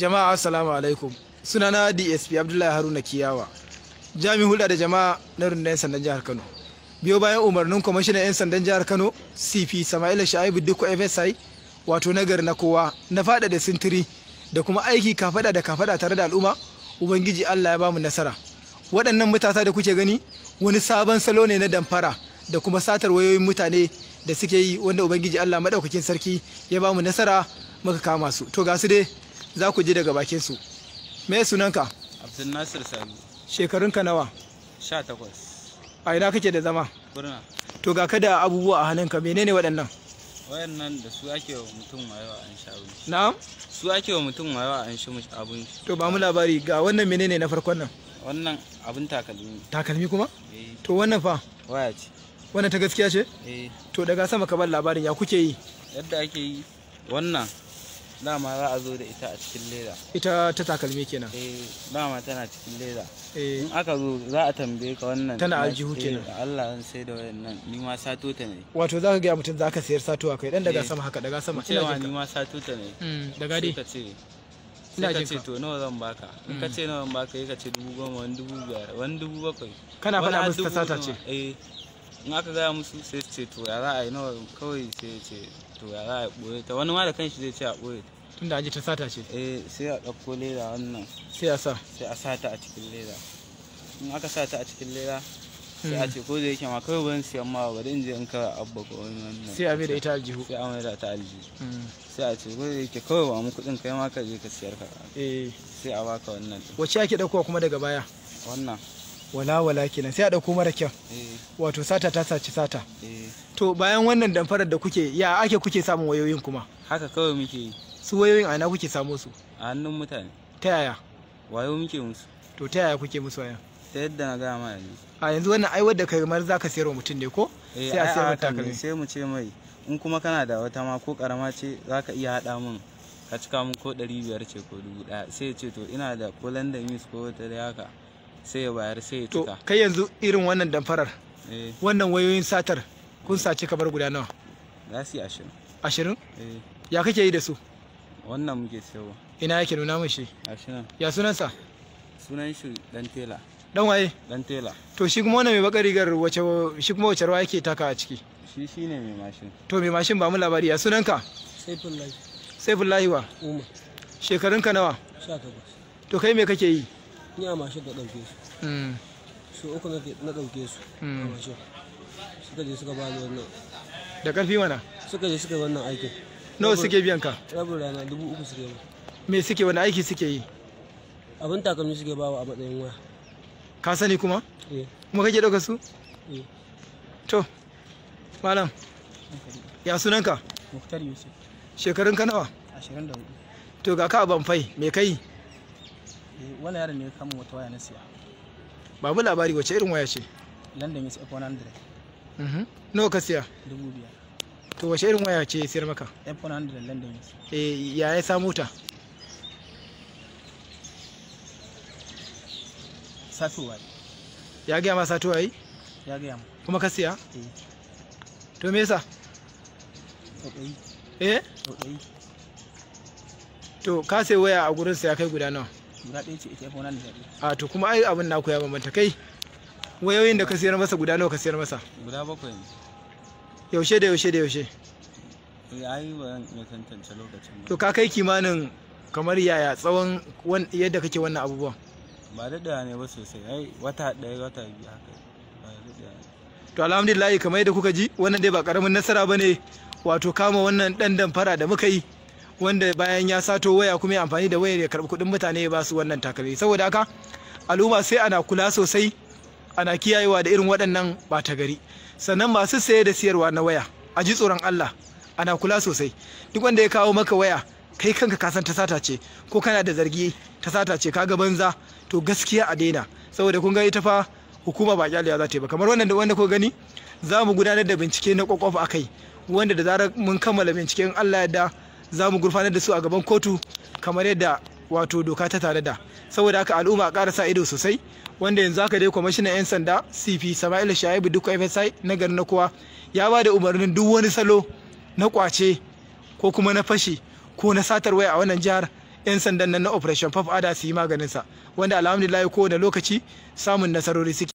jama'a assalamu alaikum sunana dsp abdullahi haruna kiyawa jami hulɗa da jama'a na rundunar 'yan sandan jihar kano biyo bayan umarnin kwamishinan 'yan sandan jihar kano cp sama'ila sha'ibu duk fsi wato nagari na kowa na fada da sintiri da kuma aiki kafada da kafada tare da al'umma ubangiji allah ya bamu nasara waɗannan matasa da kuke gani wani sabon salo ne na damfara da kuma satar wayoyin mutane da suke yi wanda ubangiji allah maɗaukakin sarki ya bamu nasara muka kama su to ga su dai za ku ji daga bakin su me sunanka abdul nasir sami shekarunka nawa 18 a ina kake da zama kurna to ga kada abubuwa a hannunka menene waɗannan wayannan da su ake wa mutum wayewa an sha abinci na'am su ake wa mutum wayewa an sha abinci to ba mu labari ga wannan menene na farkon nan wannan abin takalmi takalmi kuma eh. to wannan fa waya ce wannan ta gaskiya ce eh. to daga sama ka bar labarin ya kuke yi yadda ake yi wannan dama za a zo da ita a cikin leda ita ta takalmi kenan eh dama tana cikin leda eh in aka zo za a tambaye ka wannan tana aljihu kenan eh, Allah an sai da wannan ni ma sato ta ne wato za ka ga mutum za ka sayar sato kai dan daga eh. sama haka daga sama ina ni ma sato ta ne hmm, daga dai ka ce ina jin ce to nawa zan baka in ka hmm. ce nawa zan baka sai ka ce dubu goma wani dubu biyar wani dubu bakwai kana faɗa musu ta sata ce eh in aka gaya musu sai su ce to ya za a yi nawa kawai sai ce to ya za a yi ɓoye ta wani ma da kanshi zai ce a ɓoye ta tunda aji ta sata ce eh sai a ɗauko leda wannan sai a sa sai a sata a cikin leda in aka sata a cikin leda sai a hmm. ce ko da yake ma kawai ban siyan ma bari in je in kawai abba ko wani wannan sai a da ita aljihu sai a mai da ta aljihu hmm. sai a ce ko da yake kawai ba mu kuɗin kai ma ka je ka siyar ka eh sai a baka wannan wacce ake ɗaukowa kuma daga baya wannan wala wala kenan sai a dauko mara kyau eh. wato sata ta saci sata eh. to bayan wannan damfarar da kuke ya ake kuke samun wayoyin kuma haka kawai muke su wayoyin a ina kuke samu su a hannun mutane ta yaya wayo muke musu to ta yaya kuke musu wayan ta yadda na gaya ma yanzu a yanzu wannan aiwar da kai mar zaka sayarwa mutum ne ko eh, sai a sayar takalmi sai mu ce mai in kuma kana da wata ma ko karama ce zaka iya hada mun, ka cika mun ko 500 ce ko 1000 sai ya ce to ina da ko london miss ko wata da haka sai ya bayar sai ya cika to kai yanzu irin wannan damfarar eh. wannan wayoyin satar kun sace kamar guda nawa za su yi ashirin ashirin eh. ya kake yi da su wannan muke sayowa ina yake nuna mun shi ashirin ya sunansa sunan shi dan tela dan waye dan tela to shi kuma wannan mai bakar rigar wace shi kuma wace rawa yake taka a ciki shi shi ne mai mashin to mai mashin ba mu labari ya sunanka saifullahi saifullahi wa umar shekarunka nawa 18 to kai me kake yi ni a mashin na ɗauke su hmm. su uku na ɗauke su hmm. a mashin suka je suka bani wannan da ƙarfi mana suka je suka wannan aikin nawa suke biyan ka rabin rana dubu uku suke ba me suke wani aiki suke yi abin takalmi suke bawa a matsayin waya ka sani kuma eh. kuma kake ɗauka su eh. to malam ya sunan ka muktar yusuf shekarun ka nawa 24 to ga ka ban fai me kai Eh, wani ne ya kama wata waya na siya babu labari wace irin waya ce london f100 mhm. nawa ka siya dubu biyar to wace irin waya ce siyar maka f100 london eh, ya ya ya samu ta satuwa ya gaya ma satuwa yi ya gaya ma kuma ka siya eh. to me yasa eh to ka sai waya a gurin sa ya kai guda nawa guda ɗaya ce a to kuma ai abin naku ya bambanta kai wayoyin da ka siyar masa guda nawa ka siyar masa guda bakwai ne yaushe da yaushe da yaushe to ka kai kimanin kamar yaya tsawon yadda kake wannan abubuwan ba daɗa ne ba sosai ai wata ɗaya wata biyu haka to alhamdulillah kamar yadda kuka ji wannan dai ba karamin nasara bane wato kama wannan dandan fara da muka yi wanda bayan ya sato waya kuma ya amfani da wayar ya karbi kudin mutane ya basu wannan takalmi saboda haka al'umma sai ana kula sosai ana kiyayewa da irin waɗannan ɓata gari sannan masu saye da siyarwa na waya a ji tsoron Allah ana kula sosai duk wanda ya kawo maka waya kai kanka ka san ta sata ce ko kana da zargi ta sata ce kaga banza to gaskiya a daina saboda kun ga ita fa hukuma ba kyalewa za ta yi ba kamar wannan wanda ko gani za mu gudanar da bincike na kwakwaf a kai wanda da zarar mun kammala binciken Allah ya da za mu gurfanar da su a gaban kotu kamar yadda wato doka ta tare da saboda haka al'umma a ƙara sa ido sosai wanda yanzu aka dai kwamishinan 'yan sanda cp sama'ila shaibu duk fsi na garin na kowa ya ba da umarnin duk wani salo na kwace ko kuma na fashi ko na satar waya a wannan jihar 'yan sandan nan na operation pop ada su yi maganinsa wanda alhamdulillah kowane lokaci samun nasarori suke